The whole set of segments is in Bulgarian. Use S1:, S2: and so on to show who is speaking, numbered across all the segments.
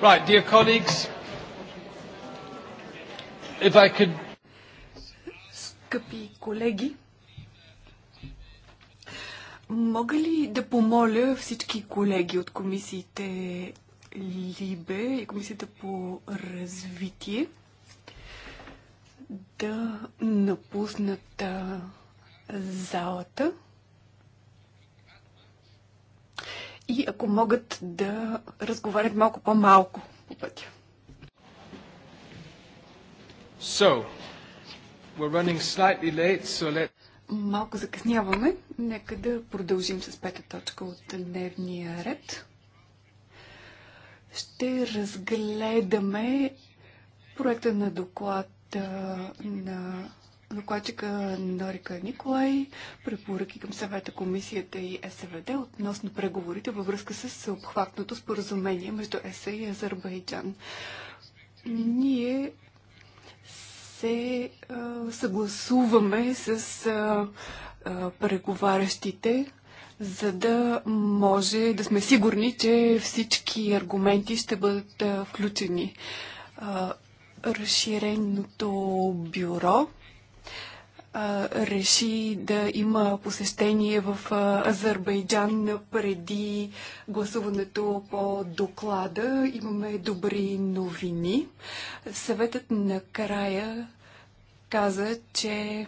S1: Right, dear colleagues, if I
S2: could... Скъпи колеги, мога ли да помоля всички колеги от комисиите Либе и комисията по развитие да напуснат залата? и ако могат да разговарят малко по-малко по пътя. So,
S1: we're running slightly late, so let...
S2: Малко закъсняваме. Нека да продължим с пета точка от дневния ред. Ще разгледаме проекта на доклад на докладчика Норика Николай, препоръки към съвета, комисията и СВД относно преговорите във връзка с обхватното споразумение между ЕСА и Азербайджан. Ние се а, съгласуваме с а, а, преговарящите, за да може да сме сигурни, че всички аргументи ще бъдат а, включени. А, разширеното бюро реши да има посещение в Азербайджан преди гласуването по доклада. Имаме добри новини. Съветът накрая каза, че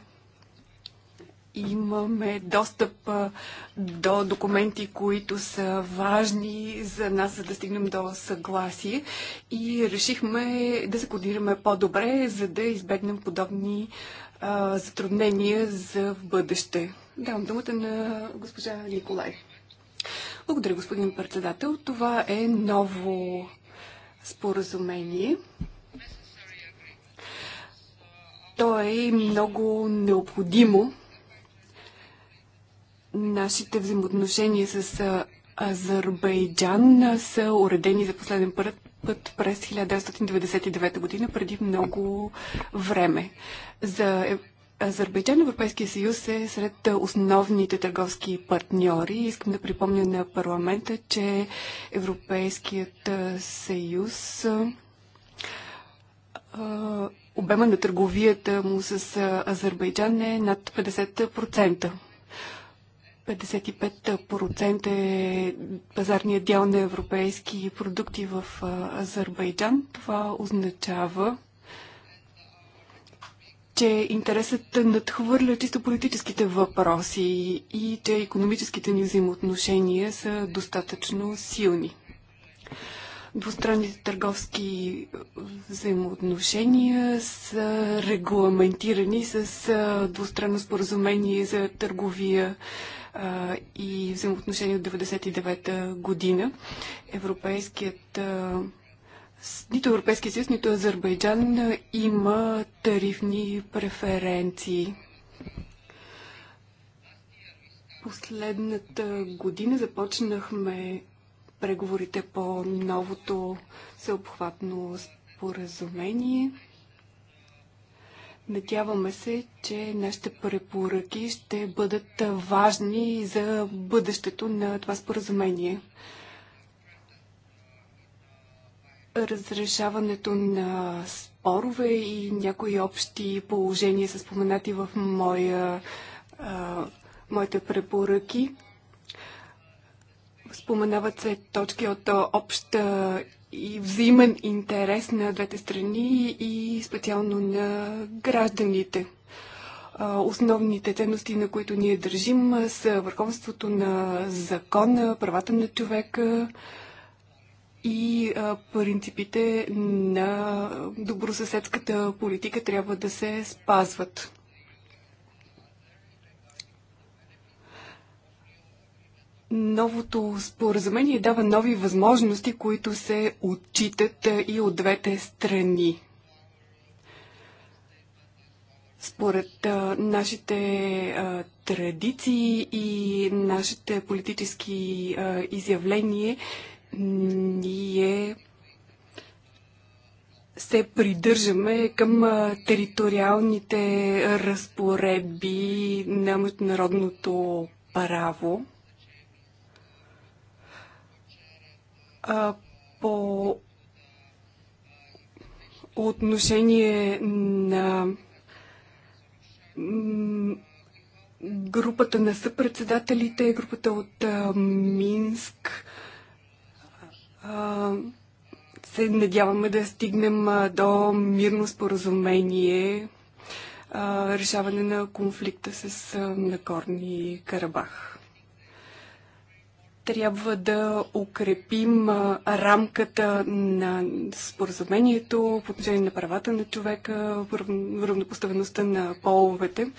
S2: имаме достъп до документи, които са важни за нас, за да стигнем до съгласие. И решихме да се кодираме по-добре, за да избегнем подобни а, затруднения за в бъдеще. Давам думата на госпожа Николай. Благодаря, господин председател. Това е ново споразумение. То е много необходимо. Нашите взаимоотношения с Азербайджан са уредени за последен път път през 1999 година, преди много време. За е, Азербайджан Европейския съюз е сред основните търговски партньори. Искам да припомня на парламента, че Европейският съюз обема на търговията му с Азербайджан е над 50%. 55% е пазарният дял на европейски продукти в Азербайджан. Това означава, че интересът надхвърля чисто политическите въпроси и че економическите ни взаимоотношения са достатъчно силни. Двустранните търговски взаимоотношения са регламентирани с двустранно споразумение за търговия а, и взаимоотношения от 99-та година. Европейският а, нито Европейския съюз, нито Азербайджан има тарифни преференции. Последната година започнахме преговорите по новото всеобхватно споразумение. Надяваме се, че нашите препоръки ще бъдат важни за бъдещето на това споразумение. Разрешаването на спорове и някои общи положения са споменати в моя, а, моите препоръки. Споменават се точки от обща и взаимен интерес на двете страни и специално на гражданите. Основните ценности, на които ние държим, са върховството на закона, правата на човека и принципите на добросъседската политика трябва да се спазват. Новото споразумение дава нови възможности, които се отчитат и от двете страни. Според а, нашите а, традиции и нашите политически а, изявления, ние се придържаме към а, териториалните разпоредби на международното право. по отношение на групата на съпредседателите, групата от а, Минск. А, се надяваме да стигнем а, до мирно споразумение, а, решаване на конфликта с а, Накорни Карабах трябва да укрепим рамката на споразумението по отношение на правата на човека, равнопоставеността на половете.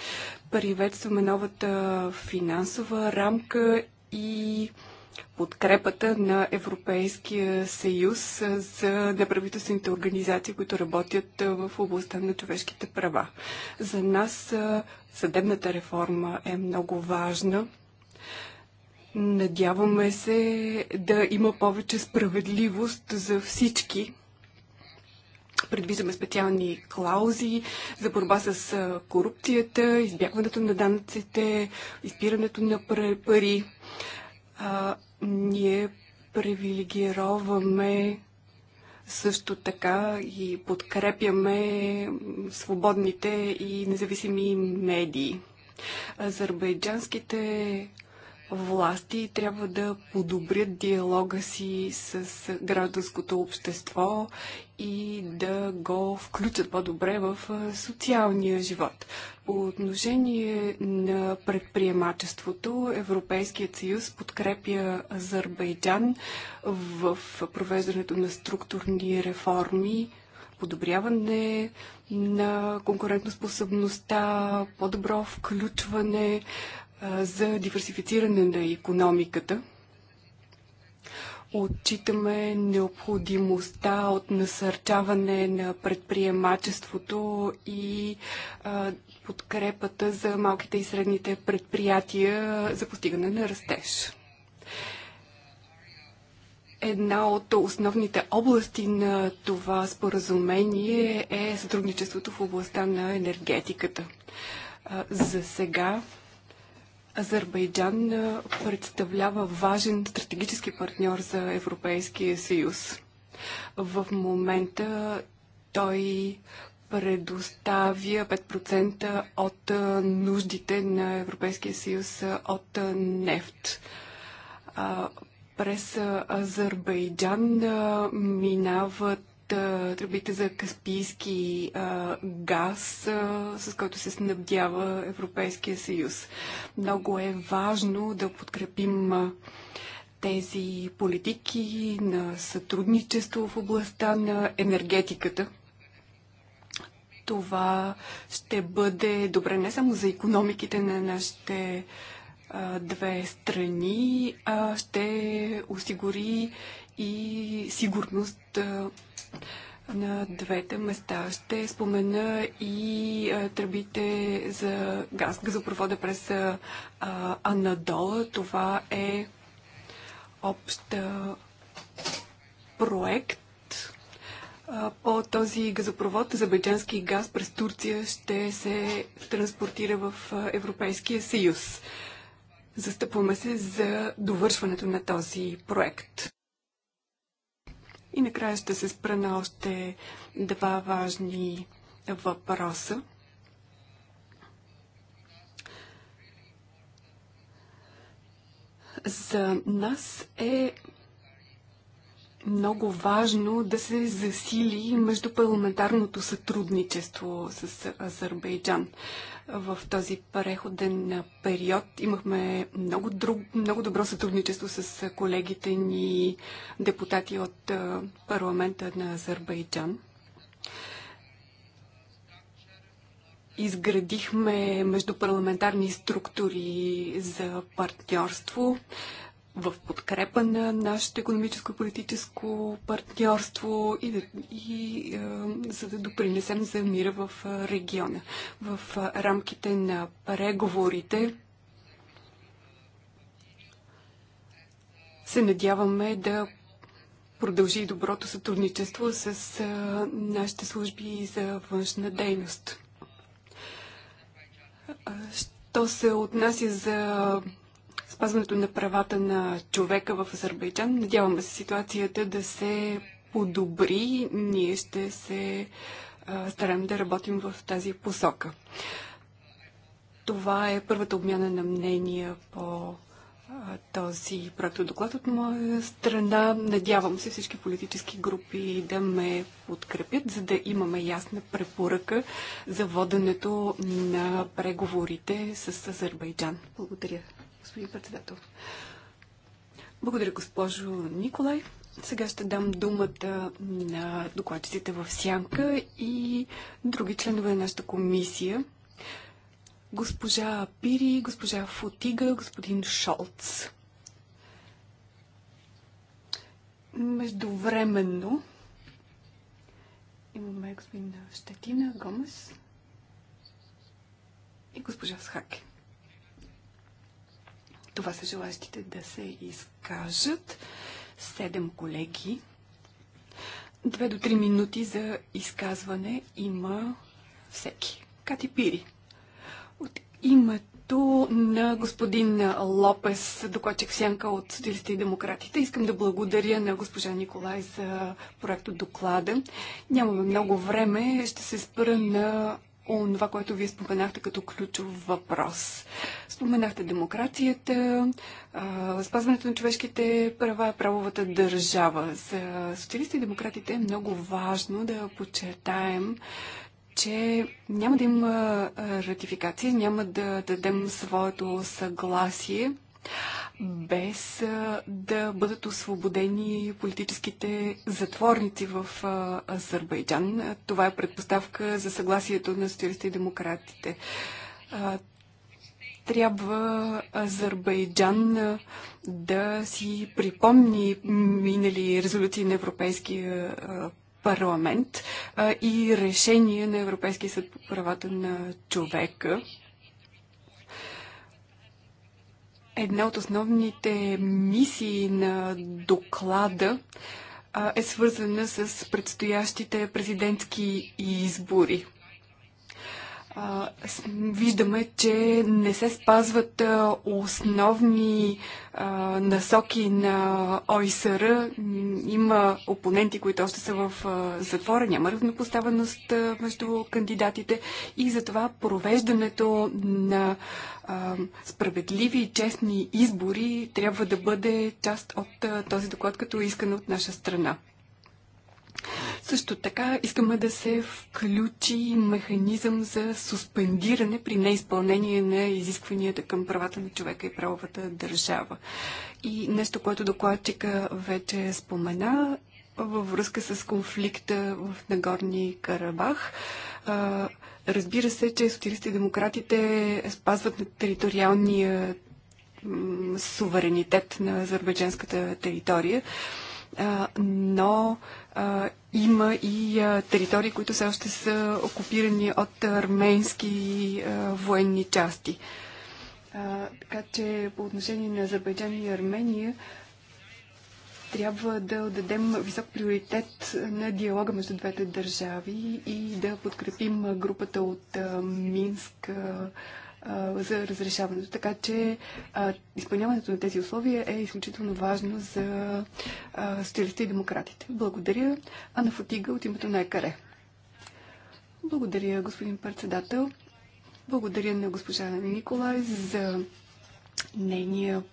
S2: Приветстваме новата финансова рамка и подкрепата на Европейския съюз за неправителствените организации, които работят в областта на човешките права. За нас съдебната реформа е много важна Надяваме се да има повече справедливост за всички. Предвиждаме специални клаузи за борба с корупцията, избягването на данъците, изпирането на пари. А, ние привилегироваме също така и подкрепяме свободните и независими медии. Азербайджанските власти трябва да подобрят диалога си с гражданското общество и да го включат по-добре в социалния живот. По отношение на предприемачеството, Европейският съюз подкрепя Азербайджан в провеждането на структурни реформи, подобряване на конкурентоспособността, по-добро включване за диверсифициране на економиката. Отчитаме необходимостта от насърчаване на предприемачеството и подкрепата за малките и средните предприятия за постигане на растеж. Една от основните области на това споразумение е сътрудничеството в областта на енергетиката. За сега Азербайджан представлява важен стратегически партньор за Европейския съюз. В момента той предоставя 5% от нуждите на Европейския съюз от нефт. През Азербайджан минават тръбите за каспийски газ, с който се снабдява Европейския съюз. Много е важно да подкрепим тези политики на сътрудничество в областта на енергетиката. Това ще бъде добре не само за економиките на нашите две страни, а ще осигури и сигурност на двете места. Ще спомена и тръбите за газ, газопровода през Анадола. Това е общ проект. по този газопровод азербайджански газ през Турция ще се транспортира в Европейския съюз. Застъпваме се за довършването на този проект. И накрая ще се спра на още два важни въпроса. За нас е много важно да се засили междупарламентарното сътрудничество с Азербайджан в този преходен период. Имахме много, друг, много добро сътрудничество с колегите ни депутати от парламента на Азербайджан. Изградихме междупарламентарни структури за партньорство в подкрепа на нашето економическо и политическо партньорство и, да, и е, за да допринесем за мира в е, региона. В е, рамките на преговорите се надяваме да продължи доброто сътрудничество с е, нашите служби за външна дейност. Е, що се отнася за спазването на правата на човека в Азербайджан. Надяваме се ситуацията да се подобри. Ние ще се стараем да работим в тази посока. Това е първата обмяна на мнения по този проект доклад от моя страна. Надявам се всички политически групи да ме подкрепят, за да имаме ясна препоръка за воденето на преговорите с Азербайджан. Благодаря господин председател. Благодаря, госпожо Николай. Сега ще дам думата на докладчиците в Сянка и други членове на нашата комисия. Госпожа Пири, госпожа Фотига, господин Шолц. Междувременно имаме господин Щетина Гомес и госпожа Схаки. Това са желащите да се изкажат. Седем колеги. Две до три минути за изказване има всеки. Кати Пири. От името на господин Лопес, докладчик Сянка от Социалистите и Демократите, искам да благодаря на госпожа Николай за проекто доклада. Нямаме много време, ще се спра на онова, което вие споменахте като ключов въпрос. Споменахте демокрацията, спазването на човешките права, правовата държава. За социалистите и демократите е много важно да подчертаем, че няма да има ратификации, няма да дадем своето съгласие без да бъдат освободени политическите затворници в Азербайджан. Това е предпоставка за съгласието на социалистите и демократите. Трябва Азербайджан да си припомни минали резолюции на Европейския парламент и решение на Европейския съд по правата на човека Една от основните мисии на доклада е свързана с предстоящите президентски избори виждаме, че не се спазват основни насоки на ОИСР. Има опоненти, които още са в затвора, няма равнопоставеност между кандидатите и затова провеждането на справедливи и честни избори трябва да бъде част от този доклад, като искане от наша страна. Също така искаме да се включи механизъм за суспендиране при неизпълнение на изискванията към правата на човека и правовата държава. И нещо, което докладчика вече спомена във връзка с конфликта в Нагорни Карабах. Разбира се, че социалистите и демократите спазват на териториалния суверенитет на азербайджанската територия, но а, има и а, територии, които все още са окупирани от арменски а, военни части. А, така че по отношение на Азербайджан и Армения трябва да дадем висок приоритет на диалога между двете държави и да подкрепим групата от Минск, за разрешаването. Така че а, изпълняването на тези условия е изключително важно за социалистите и демократите. Благодаря. Ана Фотига от името на ЕКАРЕ. Благодаря, господин председател. Благодаря на госпожа Николай за нейния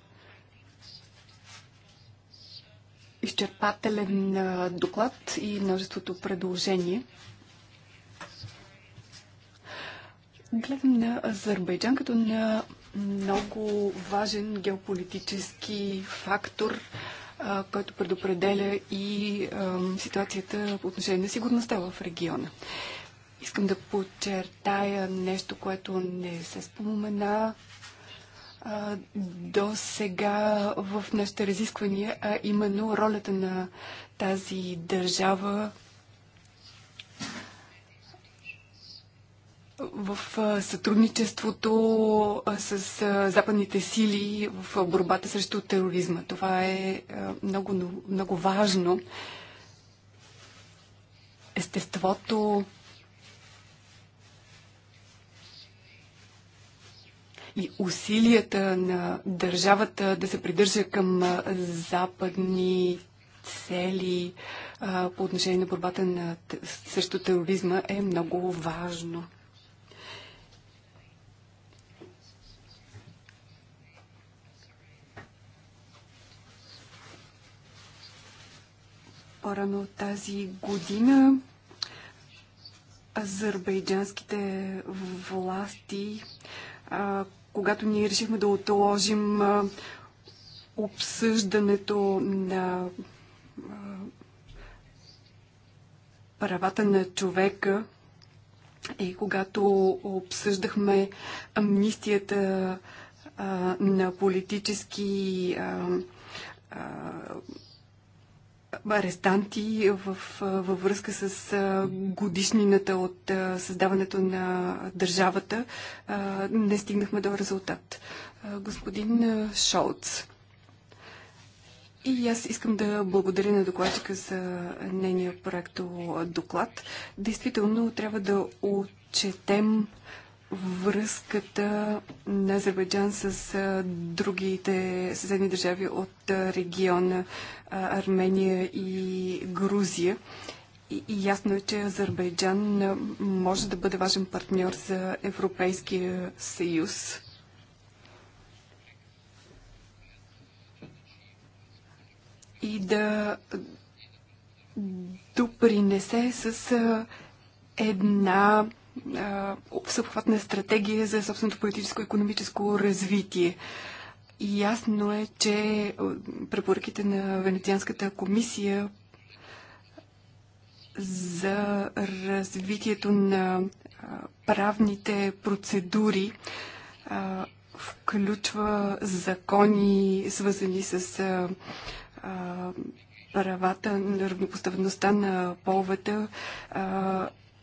S2: изчерпателен доклад и множеството предложения. Гледам на Азербайджан като на много важен геополитически фактор, а, който предопределя и а, ситуацията по отношение на сигурността в региона. Искам да подчертая нещо, което не се спомена а, до сега в нашите разисквания, а именно ролята на тази държава в сътрудничеството с западните сили в борбата срещу тероризма. Това е много, много важно. Естеството и усилията на държавата да се придържа към западни цели по отношение на борбата на, срещу тероризма е много важно. По-рано тази година азербайджанските власти, а, когато ние решихме да отложим а, обсъждането на а, правата на човека и когато обсъждахме амнистията а, на политически а, а, арестанти в, във връзка с годишнината от създаването на държавата, не стигнахме до резултат. Господин Шолц. И аз искам да благодаря на докладчика за нейния проекто доклад. Действително трябва да отчетем връзката на Азербайджан с другите съседни държави от региона Армения и Грузия. И, и ясно е, че Азербайджан може да бъде важен партньор за Европейския съюз. И да допринесе с една всеобхватна стратегия за собственото политическо и економическо развитие. И ясно е, че препоръките на Венецианската комисия за развитието на правните процедури включва закони, свързани с правата, на равнопоставеността на половата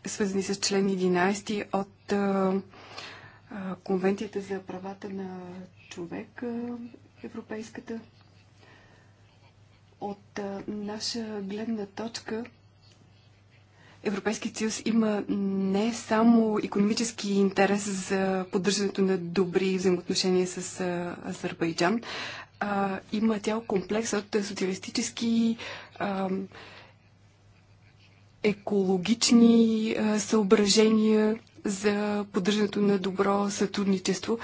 S2: свързани с член 11 от Конвенцията за правата на човек, европейската. От наша гледна точка Европейският съюз има не само економически интерес за поддържането на добри взаимоотношения с Азербайджан, а, има цял комплекс от социалистически а, екологични съображения за поддържането на добро сътрудничество.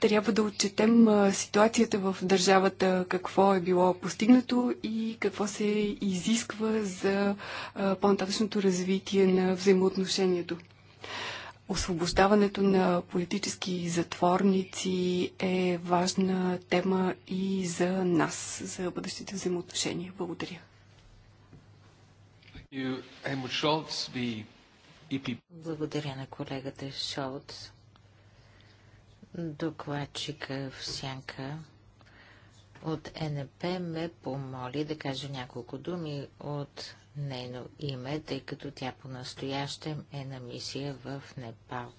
S2: Трябва да отчетем ситуацията в държавата, какво е било постигнато и какво се изисква за по-нататъчното развитие на взаимоотношението освобождаването на политически затворници е важна тема и за нас, за бъдещите взаимоотношения. Благодаря. Благодаря на колегата
S3: Шолц, докладчика в Сянка от НП ме помоли да кажа няколко думи от нейно име, тъй като тя по-настоящем е на мисия в Непал.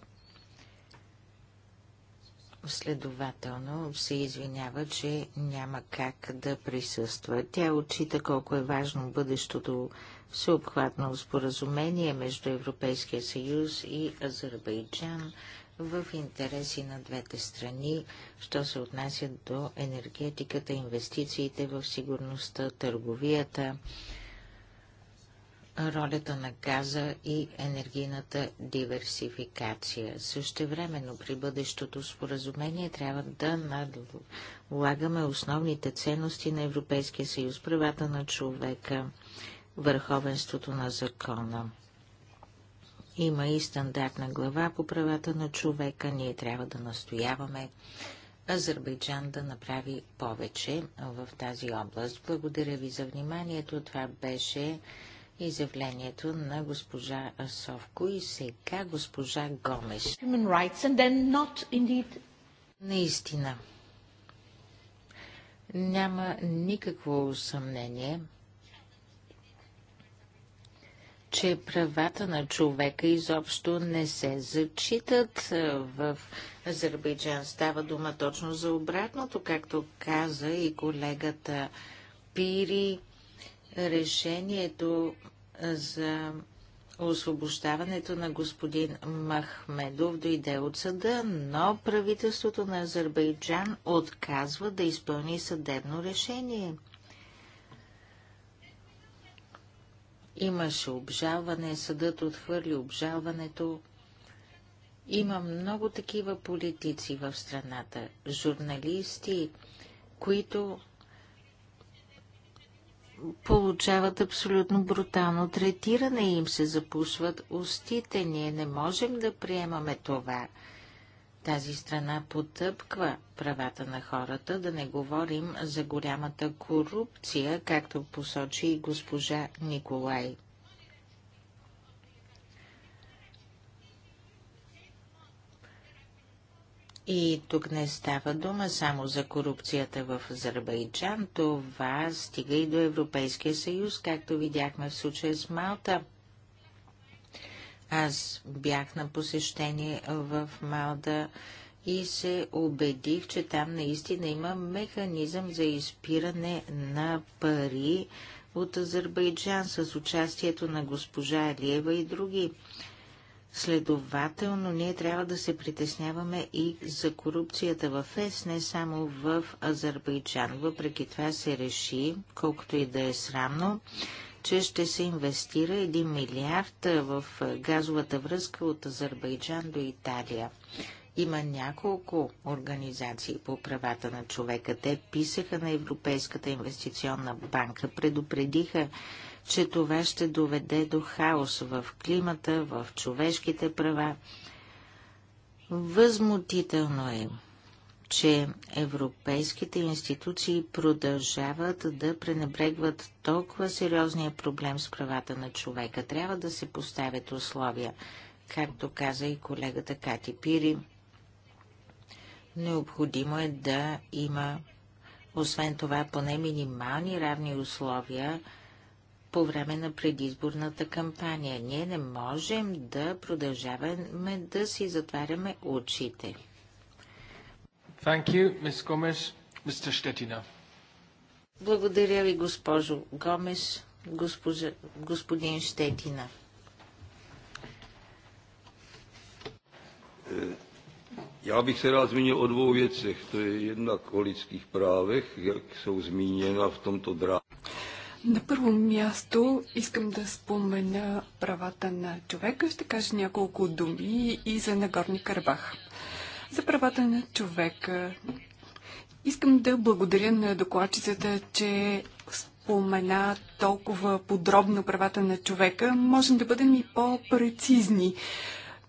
S3: Следователно се извинява, че няма как да присъства. Тя отчита колко е важно бъдещото всеобхватно споразумение между Европейския съюз и Азербайджан в интереси на двете страни, що се отнася до енергетиката, инвестициите в сигурността, търговията, ролята на газа и енергийната диверсификация. Същевременно при бъдещото споразумение трябва да налагаме основните ценности на Европейския съюз, правата на човека, върховенството на закона. Има и стандартна глава по правата на човека. Ние трябва да настояваме Азербайджан да направи повече в тази област. Благодаря ви за вниманието. Това беше изявлението на госпожа Совко и сега госпожа Гомеш. Наистина. Няма никакво съмнение, че правата на човека изобщо не се зачитат в Азербайджан. Става дума точно за обратното, както каза и колегата Пири. Решението за освобождаването на господин Махмедов дойде от съда, но правителството на Азербайджан отказва да изпълни съдебно решение – Имаше обжалване, съдът отхвърли обжалването. Има много такива политици в страната, журналисти, които получават абсолютно брутално третиране и им се запушват устите. Ние не можем да приемаме това. Тази страна потъпква правата на хората, да не говорим за голямата корупция, както посочи и госпожа Николай. И тук не става дума само за корупцията в Азербайджан, това стига и до Европейския съюз, както видяхме в случая с Малта – аз бях на посещение в Малда и се убедих, че там наистина има механизъм за изпиране на пари от Азербайджан с участието на госпожа Алиева и други. Следователно, ние трябва да се притесняваме и за корупцията в ЕС, не само в Азербайджан. Въпреки това се реши, колкото и да е срамно, че ще се инвестира 1 милиард в газовата връзка от Азербайджан до Италия. Има няколко организации по правата на човека. Те писаха на Европейската инвестиционна банка, предупредиха, че това ще доведе до хаос в климата, в човешките права. Възмутително е, че европейските институции продължават да пренебрегват толкова сериозния проблем с правата на човека. Трябва да се поставят условия, както каза и колегата Кати Пири. Необходимо е да има, освен това, поне минимални равни условия по време на предизборната кампания. Ние не можем да продължаваме да си затваряме очите. Thank you, Ms. Gomez. Mr. Щетина. Благодаря ви, госпожо Гомес, господин Штетина.
S2: Е, já bych se rád zmínil o dvou věcech. To je jednak o lidských právech, jak jsou zmíněna v tomto drámě. На първо място искам да спомена правата на човека. Ще кажа няколко думи и за Нагорни Карабах за правата на човека. Искам да благодаря на докладчицата, че спомена толкова подробно правата на човека. Можем да бъдем и по-прецизни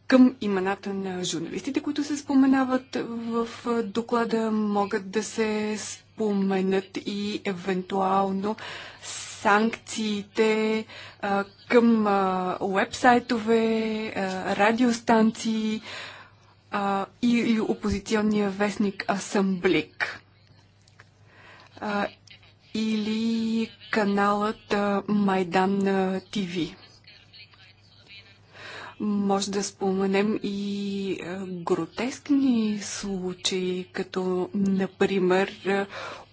S2: към имената на журналистите, които се споменават в доклада, могат да се споменат и евентуално санкциите а, към а, уебсайтове, а, радиостанции, а, и опозиционния вестник Асамблик а, или каналът а, Майдан ТВ. Може да споменем и гротескни случаи, като например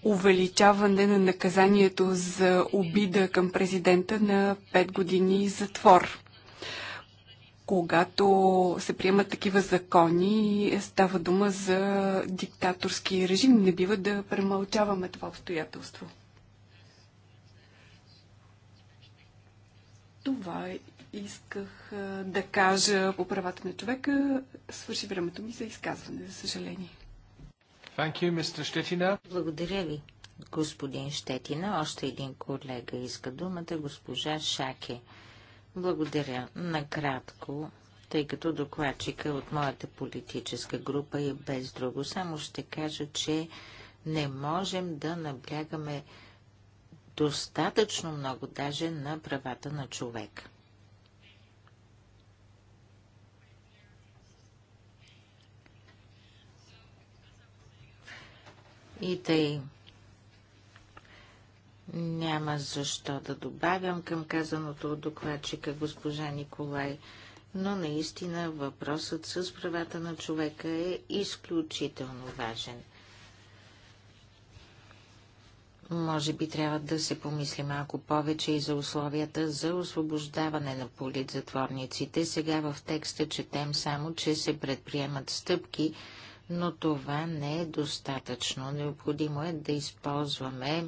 S2: увеличаване на наказанието за обида към президента на 5 години затвор когато се приемат такива закони, става дума за диктаторски режим. Не бива да премълчаваме това обстоятелство. Това исках да кажа по правата на човека. Свърши времето ми за изказване, за съжаление.
S3: Thank you, Mr. Щетина. Благодаря ви, господин Щетина. Още един колега иска думата, госпожа Шаке. Благодаря. Накратко, тъй като докладчика от моята политическа група е без друго, само ще кажа, че не можем да наблягаме достатъчно много даже на правата на човек. И тъй, няма защо да добавям към казаното от докладчика госпожа Николай, но наистина въпросът с правата на човека е изключително важен. Може би трябва да се помисли малко повече и за условията за освобождаване на политзатворниците. Сега в текста четем само, че се предприемат стъпки, но това не е достатъчно. Необходимо е да използваме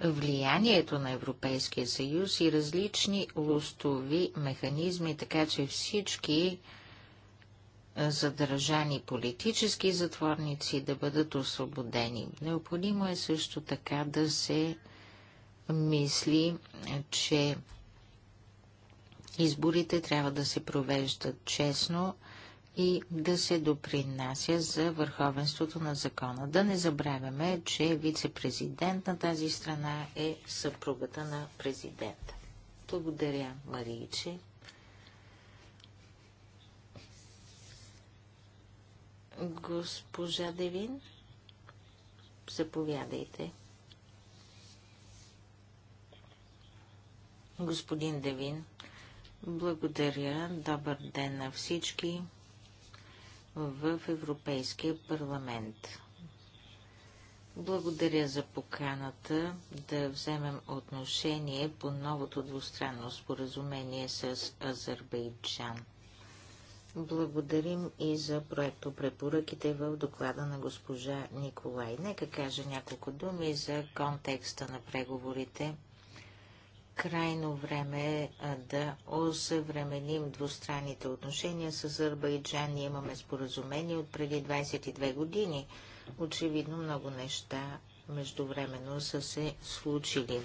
S3: влиянието на Европейския съюз и различни лостови механизми, така че всички задържани политически затворници да бъдат освободени. Необходимо е също така да се мисли, че изборите трябва да се провеждат честно, и да се допринася за върховенството на закона. Да не забравяме, че вице-президент на тази страна е съпругата на президента. Благодаря, Мариичи. Госпожа Девин, заповядайте. Господин Девин, благодаря. Добър ден на всички в Европейския парламент. Благодаря за поканата да вземем отношение по новото двустранно споразумение с Азербайджан. Благодарим и за проекто препоръките в доклада на госпожа Николай. Нека кажа няколко думи за контекста на преговорите – крайно време е да осъвременим двустранните отношения с Азербайджан. Ние имаме споразумение от преди 22 години. Очевидно много неща междувременно са се случили.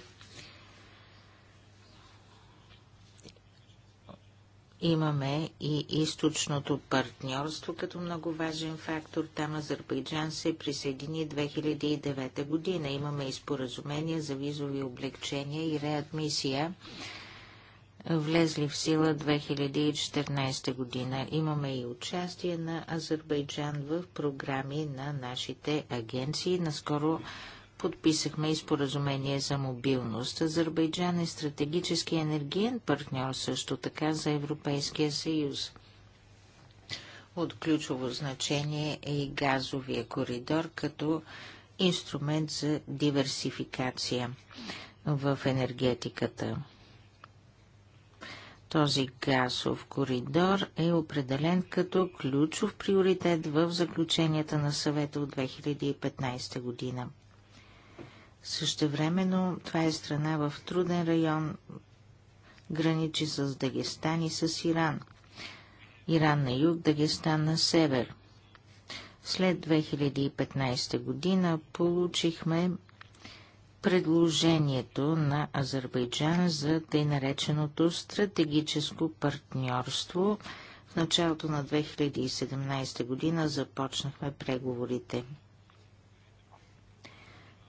S3: Имаме и източното партньорство като много важен фактор. Там Азербайджан се присъедини 2009 година. Имаме и споразумения за визови облегчения и реадмисия, влезли в сила 2014 година. Имаме и участие на Азербайджан в програми на нашите агенции. Наскоро подписахме и споразумение за мобилност. Азербайджан е стратегически енергиен партньор също така за Европейския съюз. От ключово значение е и газовия коридор като инструмент за диверсификация в енергетиката. Този газов коридор е определен като ключов приоритет в заключенията на съвета от 2015 година. Същевременно това е страна в труден район, граничи с Дагестан и с Иран. Иран на юг, Дагестан на север. След 2015 година получихме предложението на Азербайджан за тъй нареченото стратегическо партньорство. В началото на 2017 година започнахме преговорите.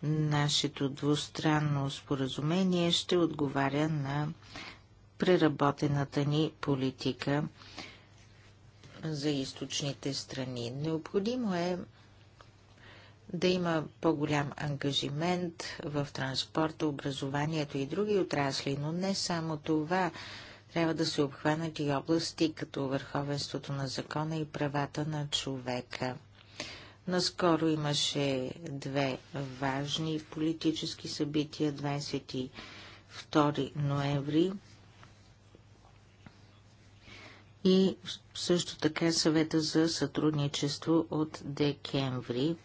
S3: Нашето двустранно споразумение ще отговаря на преработената ни политика за източните страни. Необходимо е да има по-голям ангажимент в транспорта, образованието и други отрасли, но не само това. Трябва да се обхванат и области като върховенството на закона и правата на човека. Наскоро имаше две важни политически събития. 22 ноември и също така съвета за сътрудничество от декември,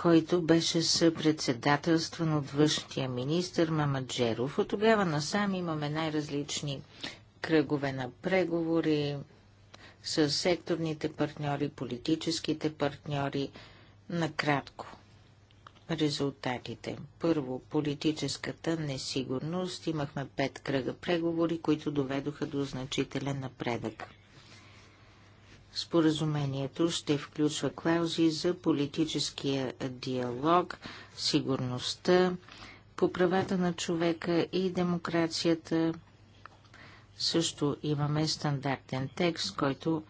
S3: който беше съпредседателстван от външния министр Мамаджеров. От тогава насам имаме най-различни кръгове на преговори, с секторните партньори, политическите партньори. Накратко. Резултатите. Първо, политическата несигурност. Имахме пет кръга преговори, които доведоха до значителен напредък. Споразумението ще включва клаузи за политическия диалог, сигурността, по правата на човека и демокрацията, също имаме стандартен текст, който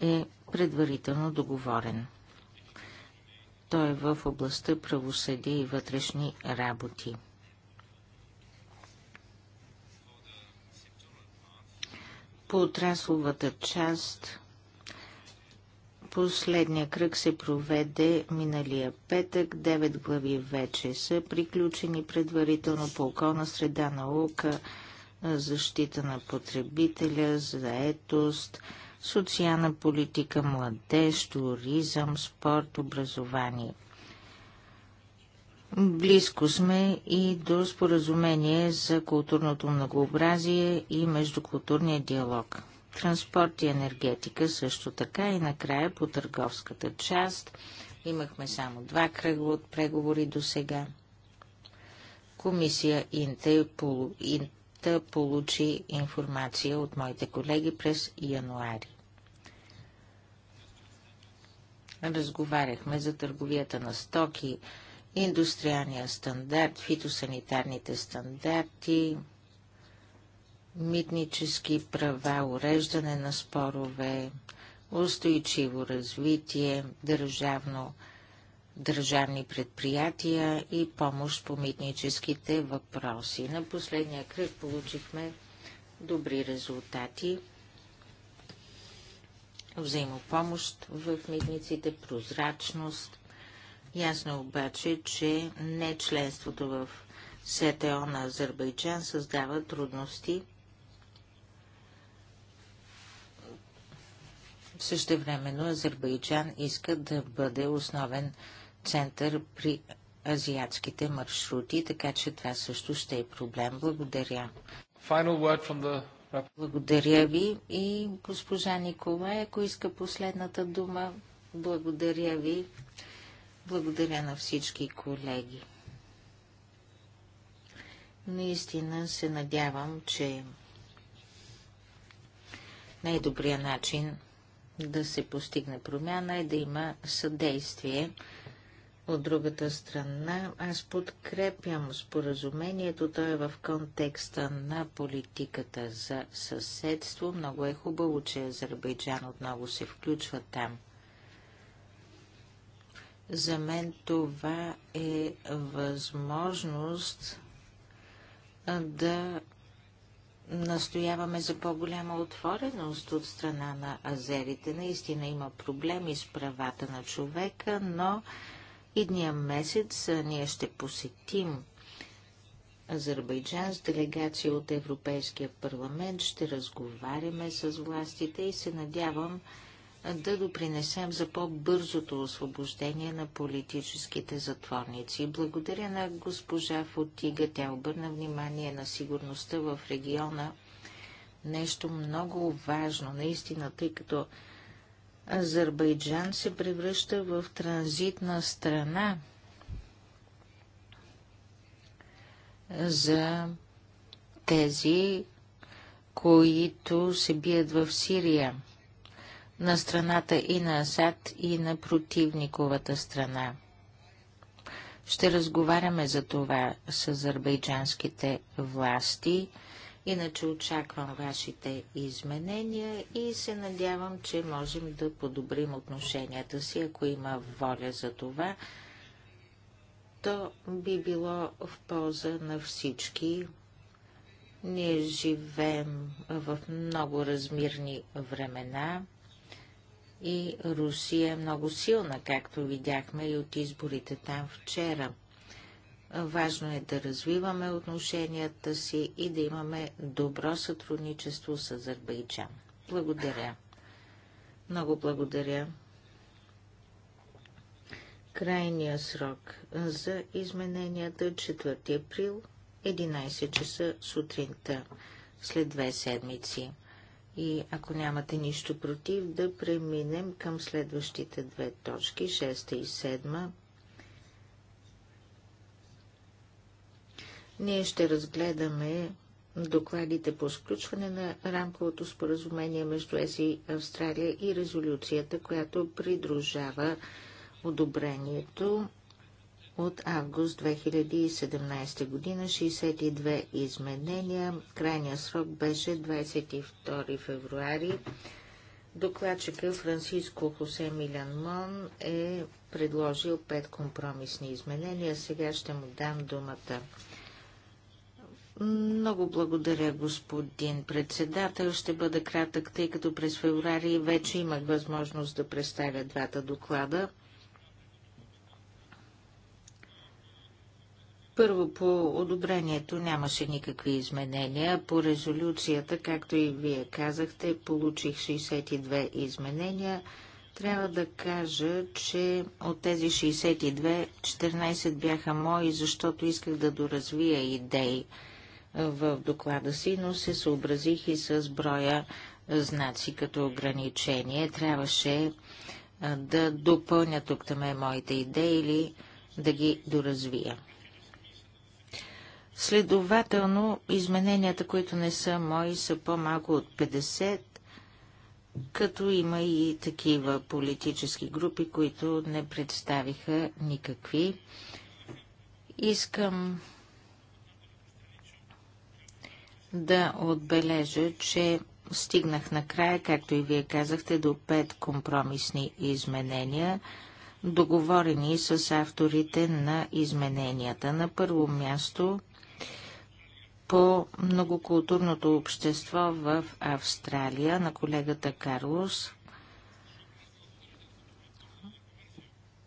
S3: е предварително договорен. Той е в областта правосъдие и вътрешни работи. По отрасловата част последния кръг се проведе миналия петък. Девет глави вече са приключени предварително по околна среда, наука, защита на потребителя, заетост, социална политика, младеж, туризъм, спорт, образование. Близко сме и до споразумение за културното многообразие и междукултурния диалог. Транспорт и енергетика също така и накрая по търговската част. Имахме само два кръгла от преговори до сега. Комисия Инте да получи информация от моите колеги през януари. Разговаряхме за търговията на стоки, индустриалния стандарт, фитосанитарните стандарти, митнически права, уреждане на спорове, устойчиво развитие, държавно държавни предприятия и помощ по митническите въпроси. На последния кръг получихме добри резултати. Взаимопомощ в митниците, прозрачност. Ясно е обаче, че не членството в СТО на Азербайджан създава трудности. Същевременно Азербайджан иска да бъде основен център при азиатските маршрути, така че това също ще е проблем. Благодаря. The... Благодаря ви и госпожа Николай, ако иска последната дума, благодаря ви. Благодаря на всички колеги. Наистина се надявам, че най-добрият начин да се постигне промяна е да има съдействие от другата страна, аз подкрепям споразумението, то е в контекста на политиката за съседство. Много е хубаво, че Азербайджан отново се включва там. За мен това е възможност да настояваме за по-голяма отвореност от страна на азерите. Наистина има проблеми с правата на човека, но Идния месец ние ще посетим Азербайджан с делегация от Европейския парламент. Ще разговаряме с властите и се надявам да допринесем за по-бързото освобождение на политическите затворници. Благодаря на госпожа Фотига. Тя обърна внимание на сигурността в региона. Нещо много важно, наистина, тъй като Азербайджан се превръща в транзитна страна за тези, които се бият в Сирия, на страната и на Асад, и на противниковата страна. Ще разговаряме за това с азербайджанските власти – Иначе очаквам вашите изменения и се надявам, че можем да подобрим отношенията си, ако има воля за това. То би било в полза на всички. Ние живеем в много размирни времена и Русия е много силна, както видяхме и от изборите там вчера – Важно е да развиваме отношенията си и да имаме добро сътрудничество с Азербайджан. Благодаря. Много благодаря. Крайният срок за измененията 4 април 11 часа сутринта след две седмици. И ако нямате нищо против, да преминем към следващите две точки, 6 и 7. Ние ще разгледаме докладите по сключване на рамковото споразумение между ЕС и Австралия и резолюцията, която придружава одобрението от август 2017 година 62 изменения. Крайният срок беше 22 февруари. Докладчика Франциско Хосе Милянмон е предложил пет компромисни изменения. Сега ще му дам думата. Много благодаря, господин председател. Ще бъда кратък, тъй като през феврари вече имах възможност да представя двата доклада. Първо, по одобрението нямаше никакви изменения. По резолюцията, както и вие казахте, получих 62 изменения. Трябва да кажа, че от тези 62, 14 бяха мои, защото исках да доразвия идеи в доклада си, но се съобразих и с броя знаци като ограничение. Трябваше да допълня тук таме моите идеи или да ги доразвия. Следователно, измененията, които не са мои, са по-малко от 50, като има и такива политически групи, които не представиха никакви. Искам да отбележа, че стигнах накрая, както и вие казахте, до пет компромисни изменения, договорени с авторите на измененията. На първо място по многокултурното общество в Австралия на колегата Карлос.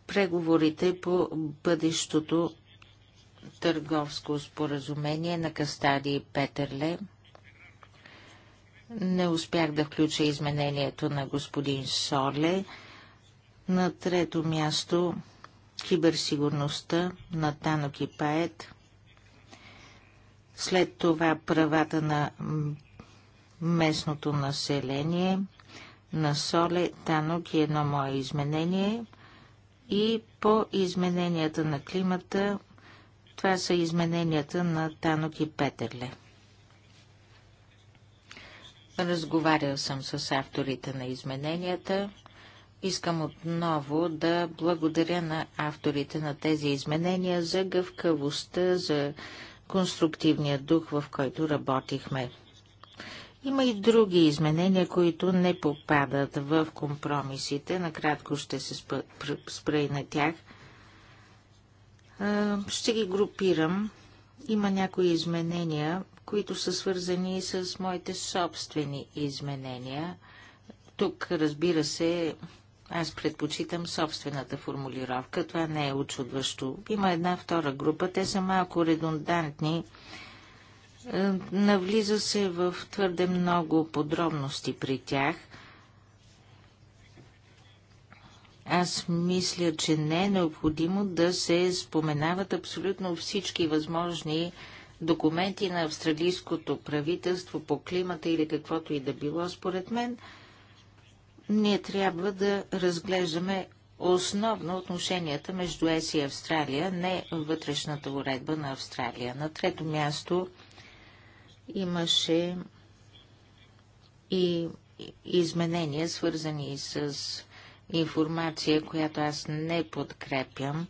S3: Преговорите по бъдещото търговско споразумение на Кастади и Петърле. Не успях да включа изменението на господин Соле. На трето място киберсигурността на Танок и Пает. След това правата на местното население на Соле, Танок и едно мое изменение. И по измененията на климата това са измененията на Танок и Петерле. Разговарял съм с авторите на измененията. Искам отново да благодаря на авторите на тези изменения за гъвкавостта, за конструктивния дух, в който работихме. Има и други изменения, които не попадат в компромисите. Накратко ще се спра и на тях. Ще ги групирам. Има някои изменения, които са свързани с моите собствени изменения. Тук, разбира се, аз предпочитам собствената формулировка. Това не е очудващо. Има една втора група. Те са малко редундантни. Е, навлиза се в твърде много подробности при тях – Аз мисля, че не е необходимо да се споменават абсолютно всички възможни документи на австралийското правителство по климата или каквото и да било. Според мен, ние трябва да разглеждаме основно отношенията между ЕС и Австралия, не вътрешната уредба на Австралия. На трето място имаше и изменения, свързани с информация, която аз не подкрепям.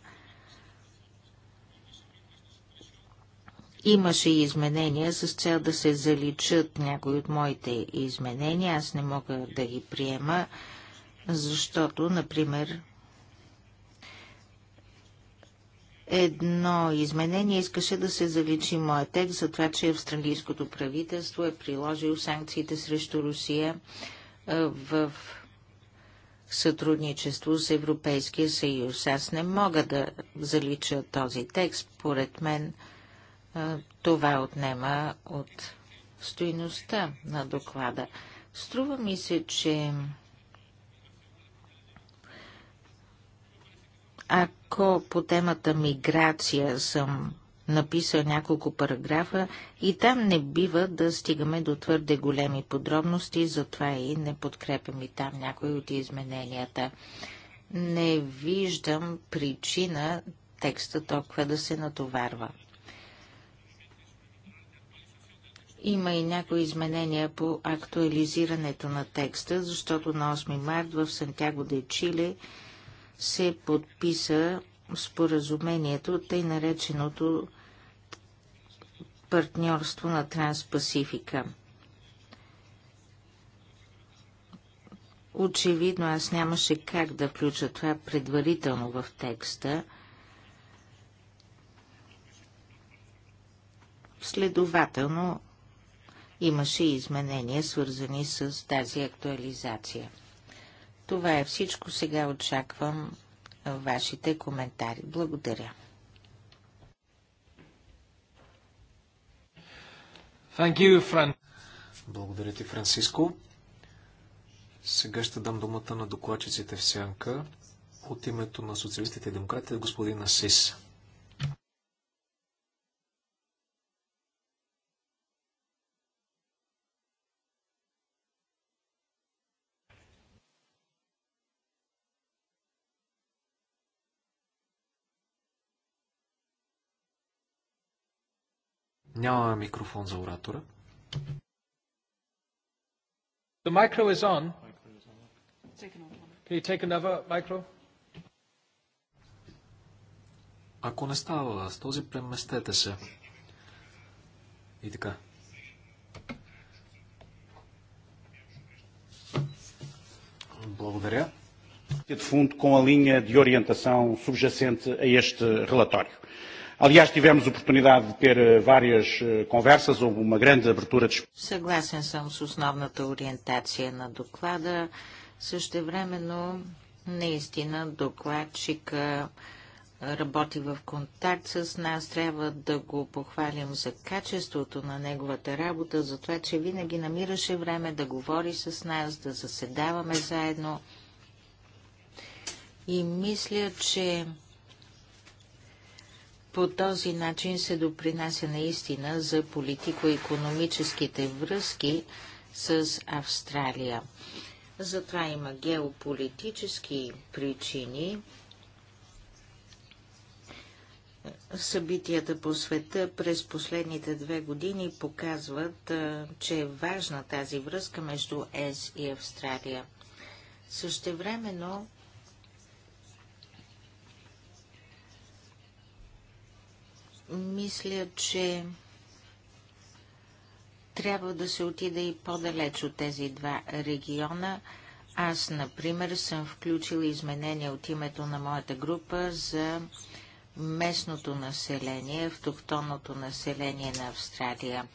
S3: Имаше изменения с цел да се заличат някои от моите изменения. Аз не мога да ги приема, защото, например, едно изменение искаше да се заличи моя текст за това, че австралийското правителство е приложил санкциите срещу Русия в сътрудничество с Европейския съюз. Аз не мога да залича този текст. Поред мен това отнема от стоиността на доклада. Струва ми се, че ако по темата миграция съм написа няколко параграфа и там не бива да стигаме до твърде големи подробности, затова и не подкрепям и там някои от измененията. Не виждам причина текста толкова да се натоварва. Има и някои изменения по актуализирането на текста, защото на 8 март в Сантяго де Чили се подписа споразумението, тъй нареченото партньорство на Транспасифика. Очевидно аз нямаше как да включа това предварително в текста. Следователно имаше и изменения, свързани с тази актуализация. Това е всичко. Сега очаквам вашите коментари. Благодаря.
S1: Thank you, Fran. Благодаря ти, Франциско. Сега ще дам думата на докладчиците в сянка от името на социалистите и демократите, господин Асис. Няма микрофон за оратора. The micro is on. Can you take another micro? Ако не става с този, преместете се. И така.
S2: Благодаря. De fundo, com a linha de orientação subjacente a este relatório. Aliás, tivemos oportunidade de ter eh, várias eh, conversas, houve uma grande abertura de...
S3: Съгласен съм с основната ориентация на доклада. Същевременно, наистина, докладчика работи в контакт с нас. Трябва да го похвалим за качеството на неговата работа, за това, че винаги намираше време да говори с нас, да заседаваме заедно. И мисля, че по този начин се допринася наистина за политико-економическите връзки с Австралия. Затова има геополитически причини. Събитията по света през последните две години показват, че е важна тази връзка между ЕС и Австралия. Същевременно Мисля, че трябва да се отида и по-далеч от тези два региона. Аз, например, съм включила изменения от името на моята група за местното население, автохтонното население на Австралия.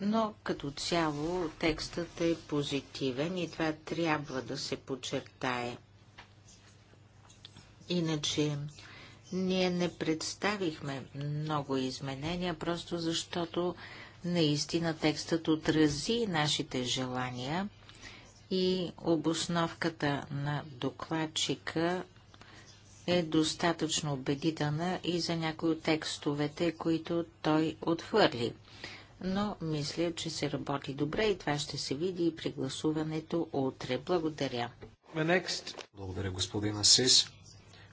S3: Но като цяло текстът е позитивен и това трябва да се подчертае. Иначе ние не представихме много изменения, просто защото наистина текстът отрази нашите желания и обосновката на докладчика е достатъчно убедителна и за някои от текстовете, които той отхвърли. Но мисля, че се работи добре и това ще се види и при гласуването утре. Благодаря.
S1: Благодаря, господин Асис.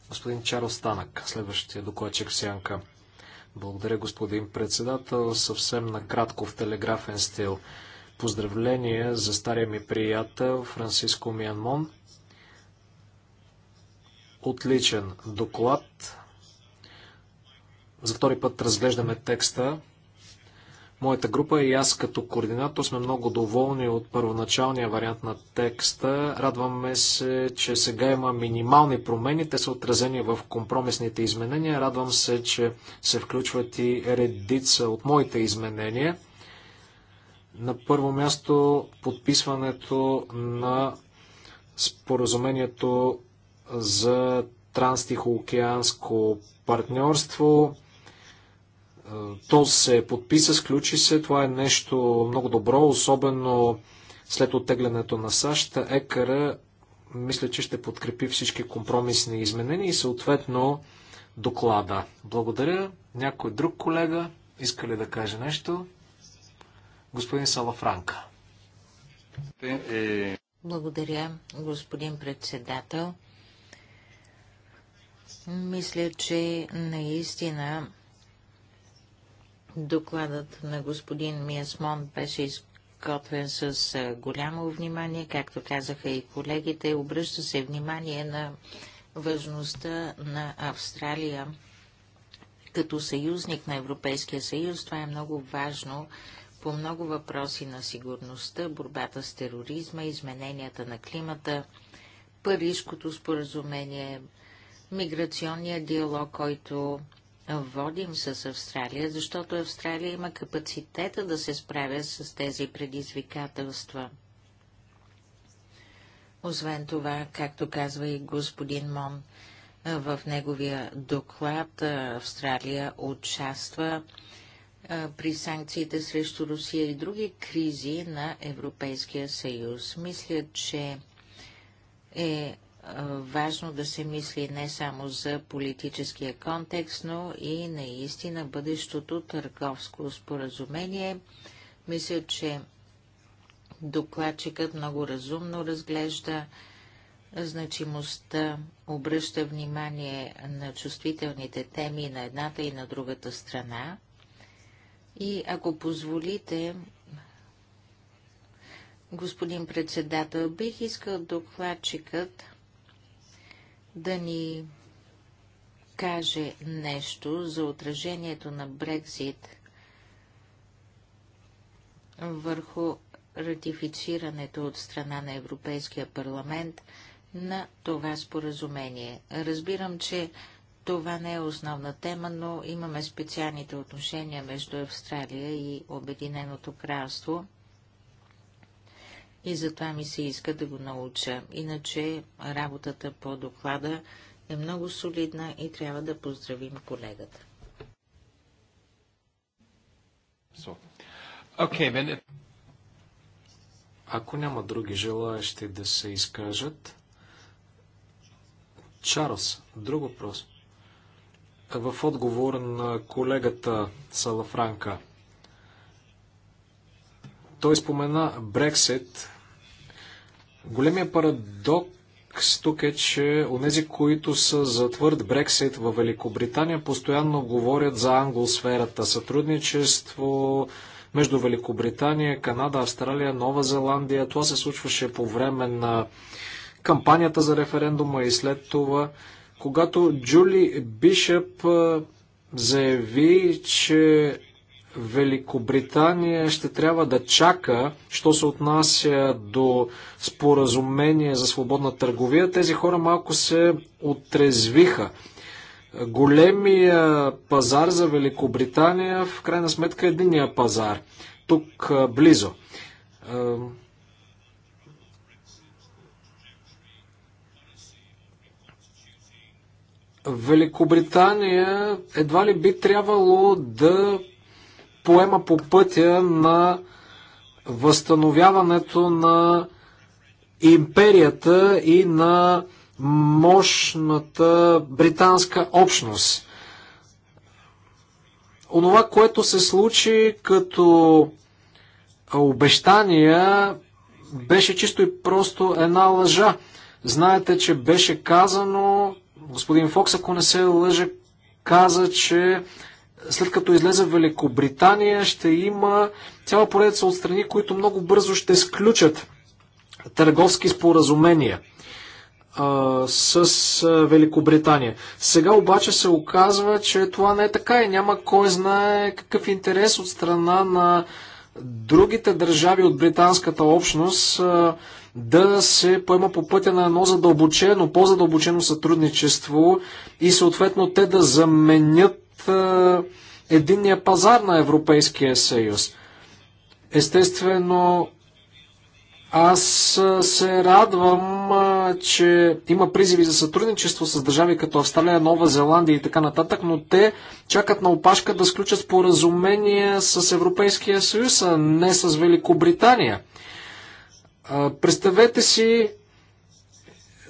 S1: Господин Чарл Станък, следващия докладчик в Сянка. Благодаря, господин председател. Съвсем накратко в телеграфен стил. Поздравление за стария ми приятел Франциско Миянмон. Отличен доклад. За втори път разглеждаме текста моята група и аз като координатор сме много доволни от първоначалния вариант на текста. Радваме се, че сега има минимални промени. Те са отразени в компромисните изменения. Радвам се, че се включват и редица от моите изменения. На първо място подписването на споразумението за транстихоокеанско партньорство – то се подписа, сключи се. Това е нещо много добро, особено след оттеглянето на САЩ. ЕКР мисля, че ще подкрепи всички компромисни изменения и съответно доклада. Благодаря. Някой друг колега иска ли да каже нещо? Господин Салафранка.
S3: Благодаря, господин председател. Мисля, че наистина Докладът на господин Миасмон беше изготвен с голямо внимание, както казаха и колегите. Обръща се внимание на важността на Австралия като съюзник на Европейския съюз. Това е много важно по много въпроси на сигурността, борбата с тероризма, измененията на климата, Парижското споразумение, миграционния диалог, който водим с Австралия, защото Австралия има капацитета да се справя с тези предизвикателства. Освен това, както казва и господин Мон, в неговия доклад Австралия участва при санкциите срещу Русия и други кризи на Европейския съюз. Мисля, че е важно да се мисли не само за политическия контекст, но и наистина бъдещото търговско споразумение. Мисля, че докладчикът много разумно разглежда значимостта, обръща внимание на чувствителните теми на едната и на другата страна. И ако позволите, господин председател, бих искал докладчикът да ни каже нещо за отражението на Брекзит върху ратифицирането от страна на Европейския парламент на това споразумение. Разбирам, че това не е основна тема, но имаме специалните отношения между Австралия и Обединеното кралство – и затова ми се иска да го науча. Иначе работата по доклада е много солидна и трябва да поздравим колегата.
S1: So. Okay, then... Ако няма други желаящи да се изкажат, Чарлз, друг въпрос. В отговор на колегата Салафранка – той спомена Брексит. Големия парадокс тук е, че онези, които са за твърд Брексит във Великобритания, постоянно говорят за англосферата. Сътрудничество, между Великобритания, Канада, Австралия, Нова Зеландия. Това се случваше по време на кампанията за референдума и след това, когато Джули Бишеп заяви, че Великобритания ще трябва да чака, що се отнася до споразумение за свободна търговия. Тези хора малко се отрезвиха. Големия пазар за Великобритания в крайна сметка е единия пазар. Тук близо. Великобритания едва ли би трябвало да поема по пътя на възстановяването на империята и на мощната британска общност. Онова, което се случи като обещания, беше чисто и просто една лъжа. Знаете, че беше казано, господин Фокс, ако не се лъжа, каза, че след като излезе в Великобритания, ще има цяла поредица от страни, които много бързо ще сключат търговски споразумения а, с Великобритания. Сега обаче се оказва, че това не е така и няма кой знае какъв интерес от страна на другите държави от британската общност а, да се поема по пътя на едно задълбочено, по-задълбочено сътрудничество и съответно те да заменят е, единния пазар на Европейския съюз. Естествено, аз е, се радвам, е, че има призиви за сътрудничество с държави като Австралия, Нова Зеландия и така нататък, но те чакат на опашка да сключат споразумение с Европейския съюз, а не с Великобритания. Представете си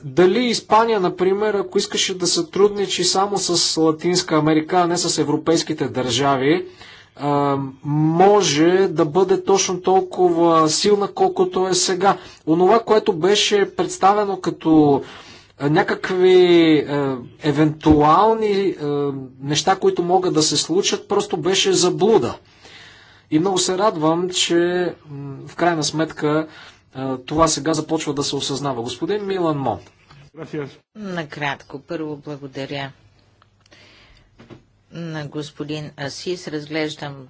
S1: дали Испания, например, ако искаше да сътрудничи само с Латинска Америка, а не с европейските държави, може да бъде точно толкова силна, колкото е сега. Онова, което беше представено като някакви е, евентуални е, неща, които могат да се случат, просто беше заблуда. И много се радвам, че в крайна сметка това сега започва да се осъзнава. Господин Милан Мон.
S3: Накратко, първо благодаря на господин Асис. Разглеждам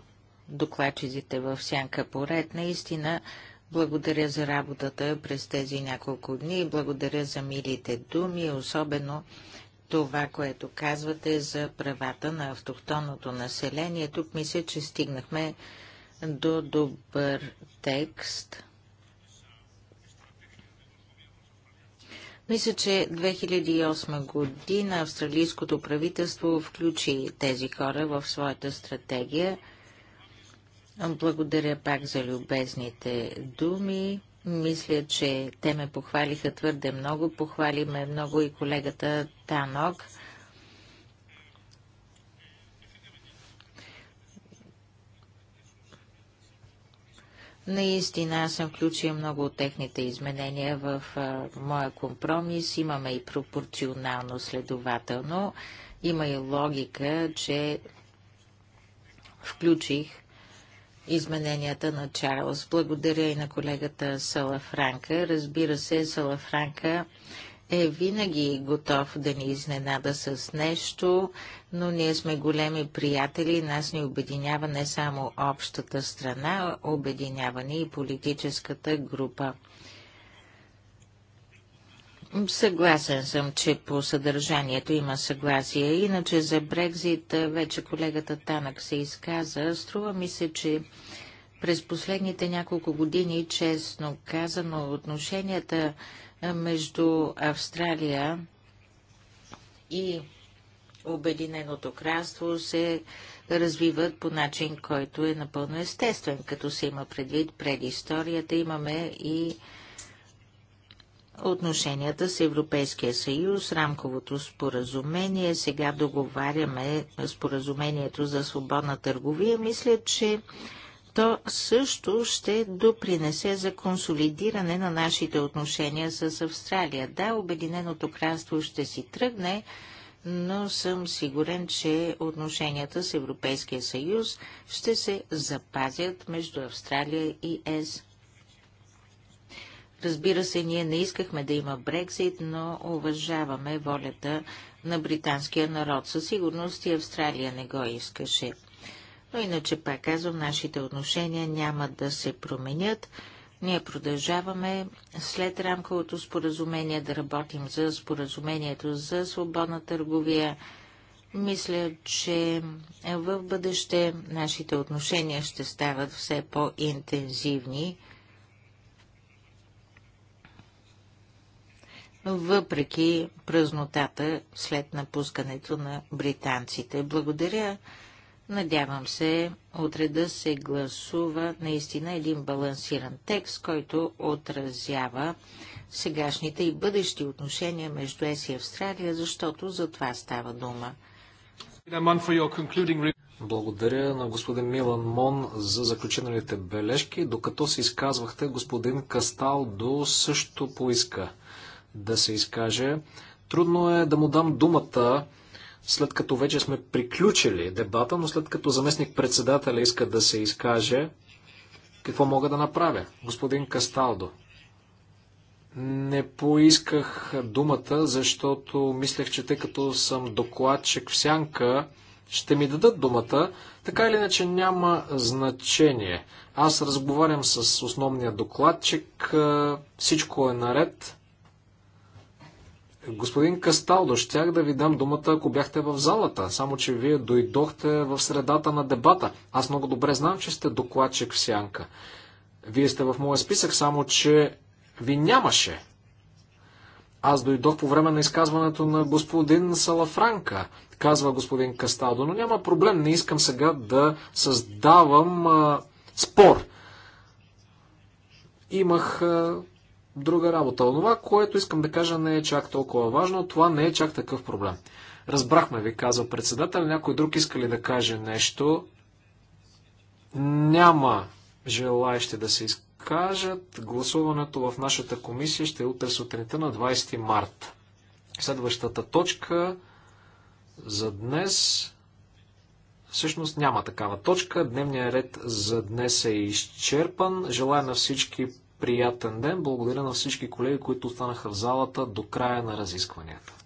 S3: докладчиците в сянка поред. Наистина, благодаря за работата през тези няколко дни и благодаря за милите думи, особено това, което казвате за правата на автохтонното население. Тук мисля, че стигнахме до добър текст. Мисля, че 2008 година австралийското правителство включи тези хора в своята стратегия. Благодаря пак за любезните думи. Мисля, че те ме похвалиха твърде много. Похвали ме много и колегата Танок. Наистина аз съм включил много от техните изменения в а, моя компромис. Имаме и пропорционално следователно. Има и логика, че включих измененията на Чарлз. Благодаря и на колегата Салафранка. Разбира се, Салафранка Франка е винаги готов да ни изненада с нещо, но ние сме големи приятели и нас ни обединява не само общата страна, обединява ни и политическата група. Съгласен съм, че по съдържанието има съгласие. Иначе за Брекзит вече колегата Танък се изказа. Струва ми се, че през последните няколко години, честно казано, отношенията между Австралия и Обединеното кралство се развиват по начин, който е напълно естествен, като се има предвид предисторията. Имаме и отношенията с Европейския съюз, рамковото споразумение. Сега договаряме споразумението за свободна търговия. Мисля, че то също ще допринесе за консолидиране на нашите отношения с Австралия. Да, Обединеното кралство ще си тръгне, но съм сигурен, че отношенията с Европейския съюз ще се запазят между Австралия и ЕС. Разбира се, ние не искахме да има Брекзит, но уважаваме волята на британския народ. Със сигурност и Австралия не го искаше. Но иначе, пак казвам, нашите отношения няма да се променят. Ние продължаваме след рамковото споразумение да работим за споразумението за свободна търговия. Мисля, че в бъдеще нашите отношения ще стават все по-интензивни, въпреки празнотата след напускането на британците. Благодаря Надявам се утре да се гласува наистина един балансиран текст, който отразява сегашните и бъдещи отношения между ЕС и Австралия, защото за това става дума.
S1: Благодаря на господин Милан Мон за заключителните бележки. Докато се изказвахте, господин Касталдо също поиска да се изкаже. Трудно е да му дам думата, след като вече сме приключили дебата, но след като заместник председателя иска да се изкаже, какво мога да направя? Господин Касталдо. Не поисках думата, защото мислех, че тъй като съм докладчик в сянка, ще ми дадат думата. Така или иначе няма значение. Аз разговарям с основния докладчик, всичко е наред. Господин Касталдо, щях да ви дам думата, ако бяхте в залата, само че вие дойдохте в средата на дебата. Аз много добре знам, че сте докладчик в Сянка. Вие сте в моя списък, само че ви нямаше. Аз дойдох по време на изказването на господин Салафранка, казва господин Касталдо, но няма проблем, не искам сега да създавам а, спор. Имах а, друга работа. Онова, което искам да кажа, не е чак толкова важно. Това не е чак такъв проблем. Разбрахме ви, казва председател. Някой друг иска ли да каже нещо? Няма желаящи да се изкажат. Гласуването в нашата комисия ще е утре сутринта на 20 март. Следващата точка за днес. Всъщност няма такава точка. Дневният ред за днес е изчерпан. Желая на всички приятен ден. Благодаря на всички колеги, които останаха в залата до края на разискванията.